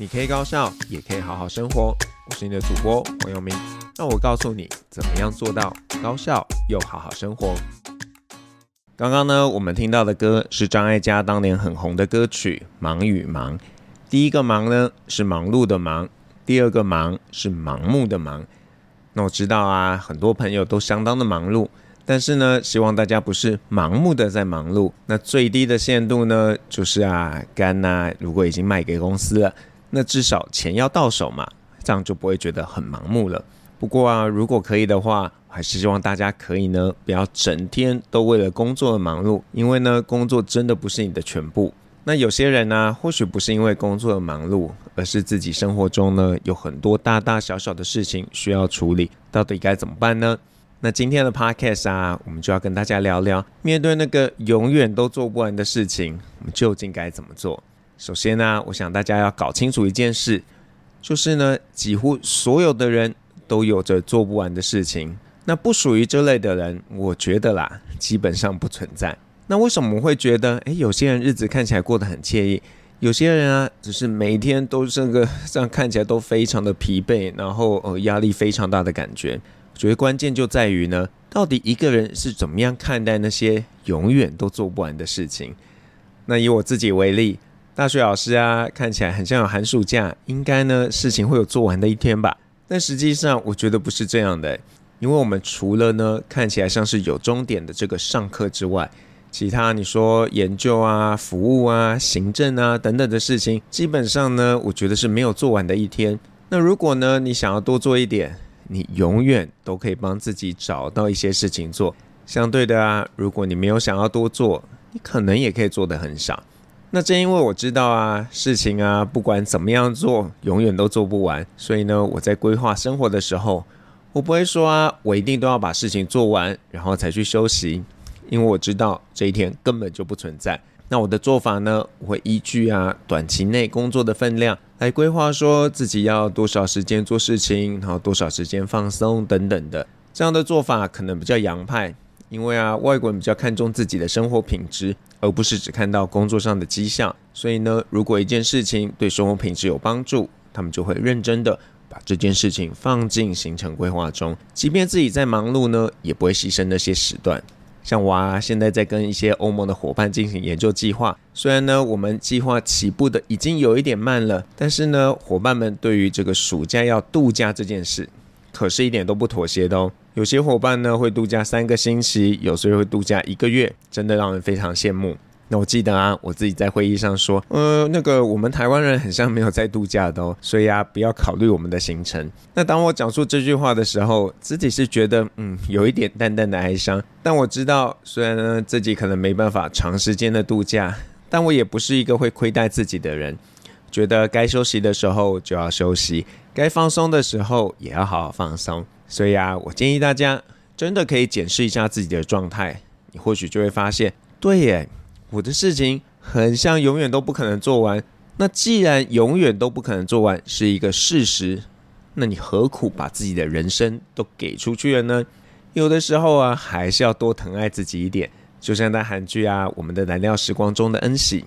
你可以高效，也可以好好生活。我是你的主播黃友明，那我告訴你怎麼樣做到高效又好好生活。剛剛呢，我們聽到的歌是張艾嘉當年很紅的歌曲《忙與盲》。第一個忙呢是忙碌的忙，第二個忙是盲目的忙。那我知道啊，很多朋友都相當的忙碌，但是呢，希望大家不是盲目的在忙碌。那最低的限度呢，就是啊，肝吶、啊，如果已經賣給公司了。那至少錢要到手嘛，這樣就不會覺得很盲目了。不過啊，如果可以的話，還是希望大家可以呢，不要整天都為了工作而忙碌，因為呢，工作真的不是你的全部。那有些人呢、啊，或許不是因為工作的忙碌，而是自己生活中呢，有很多大大小小的事情需要處理。到底該怎麼辦呢？那今天的 podcast 啊，我們就要跟大家聊聊，面對那個永遠都做不完的事情，我們究竟該怎麼做？首先呢、啊，我想大家要搞清楚一件事，就是呢，幾乎所有的人都有着做不完的事情。那不屬於這類的人，我覺得啦，基本上不存在。那為什麼我們會覺得，誒，有些人日子看起來過得很愜意，有些人啊，只是每天都這個這樣看起來都非常的疲憊，然後呃，壓力非常大的感覺。我覺得關鍵就在於呢，到底一個人是怎麼樣看待那些永遠都做不完的事情。那以我自己為例。大學老師啊，看起來很像有寒暑假，應該呢，事情會有做完的一天吧？但實際上我覺得不是這樣的，欸，因為我們除了呢，看起來像是有終點的這個上課之外，其他你說研究啊、服務啊、行政啊等等的事情，基本上呢，我覺得是沒有做完的一天。那如果呢，你想要多做一點，你永遠都可以幫自己找到一些事情做。相對的啊，如果你沒有想要多做，你可能也可以做得很少。那正因為我知道啊，事情啊，不管怎麼樣做，永遠都做不完，所以呢，我在規劃生活的時候，我不會說啊，我一定都要把事情做完，然後才去休息，因為我知道這一天根本就不存在。那我的做法呢，我會依據啊，短期內工作的分量來規劃，說自己要多少時間做事情，然後多少時間放鬆等等的。這樣的做法可能比較洋派，因為啊，外國人比較看重自己的生活品質。而不是只看到工作上的績效，所以呢，如果一件事情對生活品質有幫助，他們就會認真的把這件事情放進行程規劃中。即便自己在忙碌呢，也不會犧牲那些時段。像我啊，現在在跟一些歐盟的夥伴進行研究計劃，雖然呢我們計劃起步的已經有一點慢了，但是呢夥伴們對於這個暑假要度假這件事，可是一點都不妥協的哦。有些夥伴呢會度假三個星期，有時候會度假一個月，真的讓人非常羨慕。那我記得啊，我自己在會議上說，呃，那個我們台灣人很像沒有在度假的哦，所以啊不要考慮我們的行程。那當我講述這句話的時候，自己是覺得嗯有一點淡淡的哀傷。但我知道，雖然呢自己可能沒辦法長時間的度假，但我也不是一個會虧待自己的人，覺得該休息的時候就要休息，該放鬆的時候也要好好放鬆。所以啊，我建議大家真的可以檢視一下自己的狀態，你或許就會發現，對耶，我的事情很像永遠都不可能做完。那既然永遠都不可能做完是一個事實，那你何苦把自己的人生都給出去了呢？有的時候啊，還是要多疼愛自己一點。就像在韓劇啊，《我們的藍調時光》中的恩熙。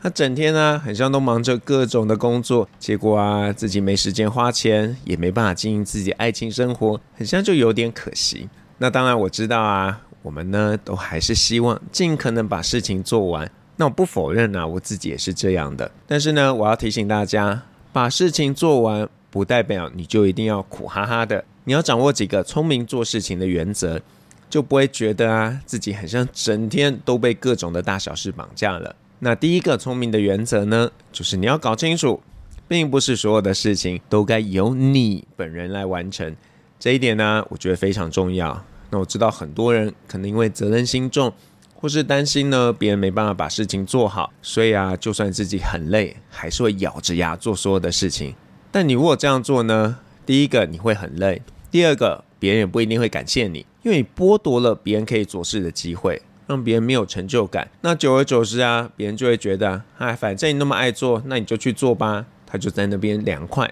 他整天呢、啊，很像都忙着各種的工作，結果啊，自己沒時間花錢，也沒辦法經營自己愛情生活，很像就有點可惜。那當然我知道啊，我們呢都還是希望盡可能把事情做完。那我不否認啊，我自己也是這樣的。但是呢，我要提醒大家，把事情做完不代表你就一定要苦哈哈的。你要掌握幾個聰明做事情的原則，就不會覺得啊自己很像整天都被各種的大小事綁架了。那第一個聰明的原則呢，就是你要搞清楚，並不是所有的事情都該由你本人來完成。這一點呢、啊，我覺得非常重要。那我知道很多人可能因為責任心重，或是擔心呢，別人沒辦法把事情做好，所以啊，就算自己很累，還是會咬着牙做所有的事情。但你如果這樣做呢，第一個你會很累，第二個別人也不一定會感謝你，因為你剝奪了別人可以做事的機會。讓別人沒有成就感，那久而久之啊，別人就會覺得，哎，反正你那麼愛做，那你就去做吧。他就在那邊涼快。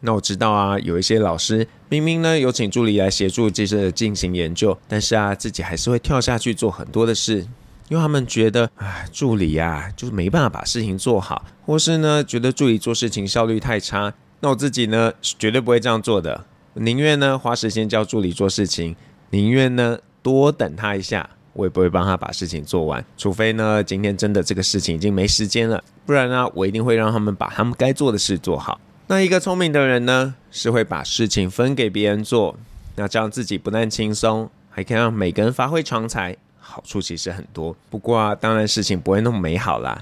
那我知道啊，有一些老師明明呢有請助理來協助這些進行研究，但是啊，自己還是會跳下去做很多的事，因為他們覺得，哎，助理呀、啊、就是沒辦法把事情做好，或是呢覺得助理做事情效率太差。那我自己呢是絕對不會這樣做的，寧願呢花時間教助理做事情，寧願呢多等他一下。我也不會幫他把事情做完，除非呢，今天真的這個事情已經沒時間了，不然呢，啊，我一定會讓他們把他們該做的事做好。那一個聰明的人呢，是會把事情分給別人做，那這樣自己不但輕鬆，還可以讓每個人發揮長才，好處其實很多。不過啊，當然事情不會那麼美好啦。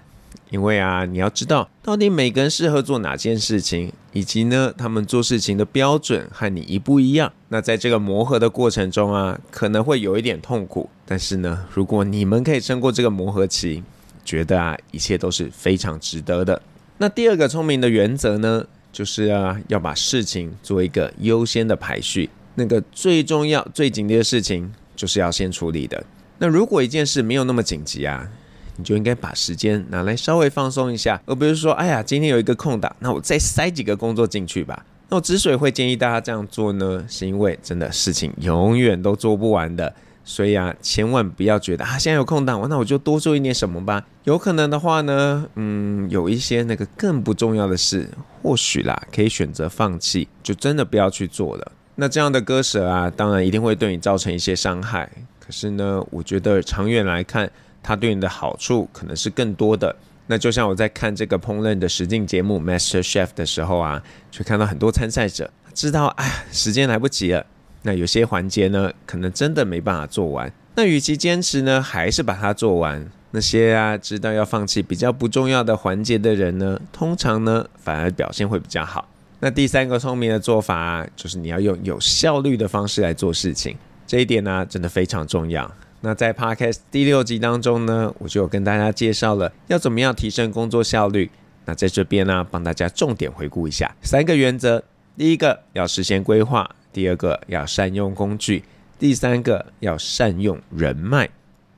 因為啊，你要知道到底每個人適合做哪件事情，以及呢，他們做事情的標準和你一不一樣。那在這個磨合的過程中啊，可能會有一點痛苦，但是呢，如果你們可以撐過這個磨合期，覺得啊，一切都是非常值得的。那第二個聰明的原則呢，就是啊，要把事情做一個優先的排序，那個最重要、最緊急的事情就是要先處理的。那如果一件事沒有那麼緊急啊。你就應該把時間拿來稍微放鬆一下，而不是說，哎呀，今天有一個空檔，那我再塞幾個工作進去吧。那我之所以會建議大家這樣做呢，是因為真的事情永遠都做不完的，所以啊，千萬不要覺得啊，現在有空檔，那我就多做一點什麼吧。有可能的話呢，嗯，有一些那個更不重要的事，或許啦，可以選擇放棄，就真的不要去做了。那這樣的割舍啊，當然一定會對你造成一些傷害。可是呢，我覺得長遠來看，它對你的好處可能是更多的。那就像我在看這個烹飪的實境節目《Master Chef》的時候啊，就看到很多參賽者知道哎，時間來不及了。那有些環節呢，可能真的沒辦法做完。那與其堅持呢，還是把它做完。那些啊知道要放棄比較不重要的環節的人呢，通常呢反而表現會比較好。那第三個聰明的做法啊，就是你要用有效率的方式來做事情。這一點呢，啊，真的非常重要。那在 Podcast 第六集當中呢，我就有跟大家介紹了要怎麼樣提升工作效率。那在這邊呢、啊，幫大家重點回顧一下三個原則：第一個要事先規劃，第二個要善用工具，第三個要善用人脈。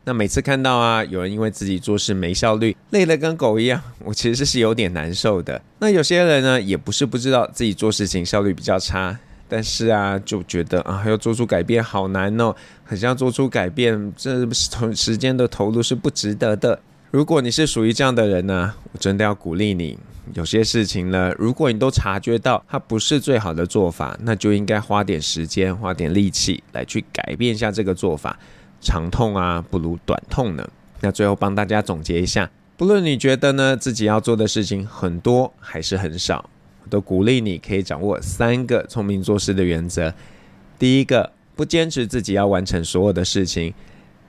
那每次看到啊，有人因為自己做事沒效率，累得跟狗一樣，我其實是有點難受的。那有些人呢，也不是不知道自己做事情效率比較差。但是啊，就覺得啊，要做出改變好難哦，很想做出改變，這同時間的投入是不值得的。如果你是屬於這樣的人呢、啊，我真的要鼓勵你，有些事情呢，如果你都察覺到它不是最好的做法，那就應該花點時間，花點力氣來去改變一下這個做法。長痛啊，不如短痛呢。那最後幫大家總結一下，不論你覺得呢自己要做的事情很多還是很少，都鼓勵你可以掌握三個聰明做事的原則：第一個，不堅持自己要完成所有的事情；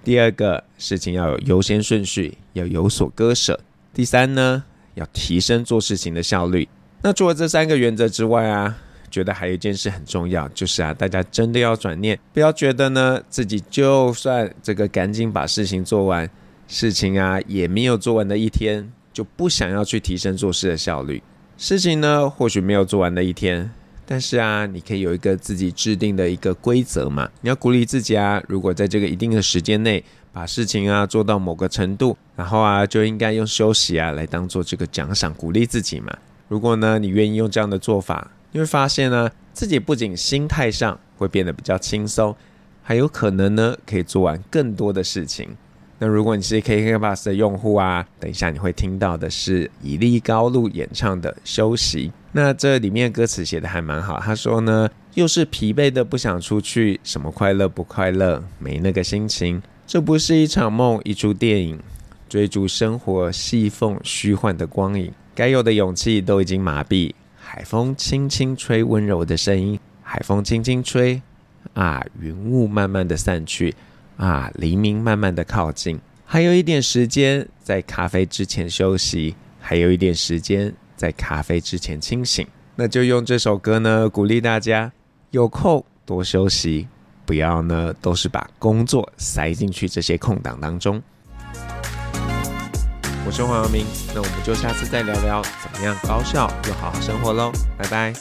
第二個，事情要有優先順序，要有所割捨；第三呢，要提升做事情的效率。那除了這三個原則之外啊，覺得還有一件事很重要，就是啊，大家真的要轉念，不要覺得呢自己就算這個趕緊把事情做完，事情啊也沒有做完的一天，就不想要去提升做事的效率。事情呢，或許沒有做完的一天，但是啊，你可以有一個自己制定的一個規則嘛。你要鼓勵自己啊，如果在這個一定的時間內把事情啊做到某個程度，然後啊就應該用休息啊來當做這個獎賞，鼓勵自己嘛。如果呢你願意用這樣的做法，你會發現呢，啊，自己不僅心態上會變得比較輕鬆，還有可能呢可以做完更多的事情。那如果你是 KKBOX 的用戶啊，等一下你會聽到的是以莉·高露演唱的《休息》。那這裡面歌詞寫得還蠻好，他說呢，又是疲憊的不想出去，什麼快樂不快樂，沒那個心情。這不是一場夢，一出電影，追逐生活細縫虛幻的光影，該有的勇氣都已經麻痹。海風輕輕吹，溫柔的聲音，海風輕輕吹，啊，雲霧慢慢的散去。啊，黎明慢慢地靠近，還有一點時間在咖啡之前休息，還有一點時間在咖啡之前清醒。那就用這首歌呢，鼓勵大家，有空多休息，不要呢都是把工作塞進去這些空檔當中。我是黃耀明，那我們就下次再聊聊怎麼樣高效又好好生活嘍，拜拜。